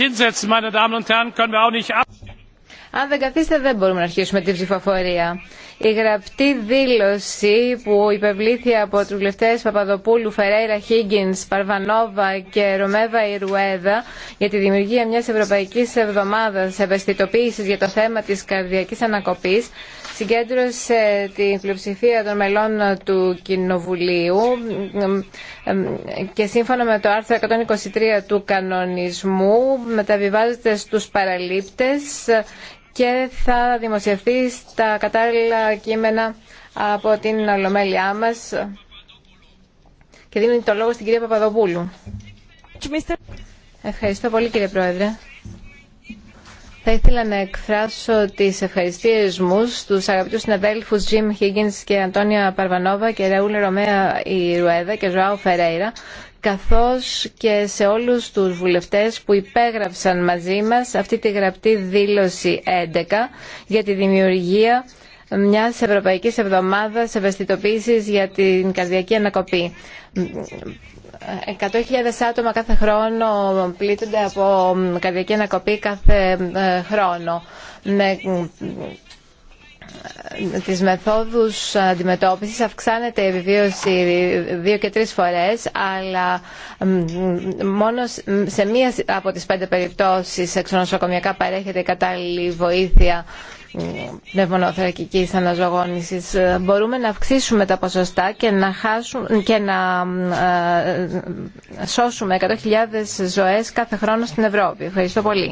hinsetzen meine damen und herren können wir auch nicht αν δεν καθίστε, δεν μπορούμε να αρχίσουμε την ψηφοφορία. Η γραπτή δήλωση που υπευλήθη από τους βουλευτές Παπαδοπούλου, Φερέιρα, Χίγκιν, Παρβανόβα και Ρωμέβα Ιρουέδα για τη δημιουργία μιας Ευρωπαϊκής Εβδομάδας ευαισθητοποίησης για το θέμα της καρδιακής ανακοπής συγκέντρωσε την πλειοψηφία των μελών του Κοινοβουλίου και σύμφωνα με το άρθρο 123 του κανονισμού μεταβιβάζεται στους παραλήπτες και θα δημοσιευθεί στα κατάλληλα κείμενα από την Ολομέλειά μας και δίνει το λόγο στην κυρία Παπαδοπούλου. Ευχαριστώ πολύ κύριε Πρόεδρε. Θα ήθελα να εκφράσω τις ευχαριστίες μου στους αγαπητούς συναδέλφους Jim Higgins και Αντώνια Παρβανόβα και Ρεούλε Ρωμαία Ιρουέδα και Ζωάου Φερέιρα καθώς και σε όλους τους βουλευτές που υπέγραψαν μαζί μας αυτή τη γραπτή δήλωση 11 για τη δημιουργία μια ευρωπαϊκή εβδομάδα Ευαισθητοποίηση για την Καρδιακή Ανακοπή. χιλιάδε άτομα κάθε χρόνο πλήττονται από καρδιακή ανακοπή κάθε ε, χρόνο. Με ε, τις μεθόδους αντιμετώπισης αυξάνεται η επιβίωση δύο και τρεις φορές αλλά ε, μόνο σε μία από τις πέντε περιπτώσεις εξονοσοκομιακά παρέχεται η κατάλληλη βοήθεια πνευμονοθερακικής αναζωογόνησης. Ε, μπορούμε να αυξήσουμε τα ποσοστά και να, χάσουμε, και να ε, σώσουμε 100.000 ζωές κάθε χρόνο στην Ευρώπη. Ευχαριστώ πολύ.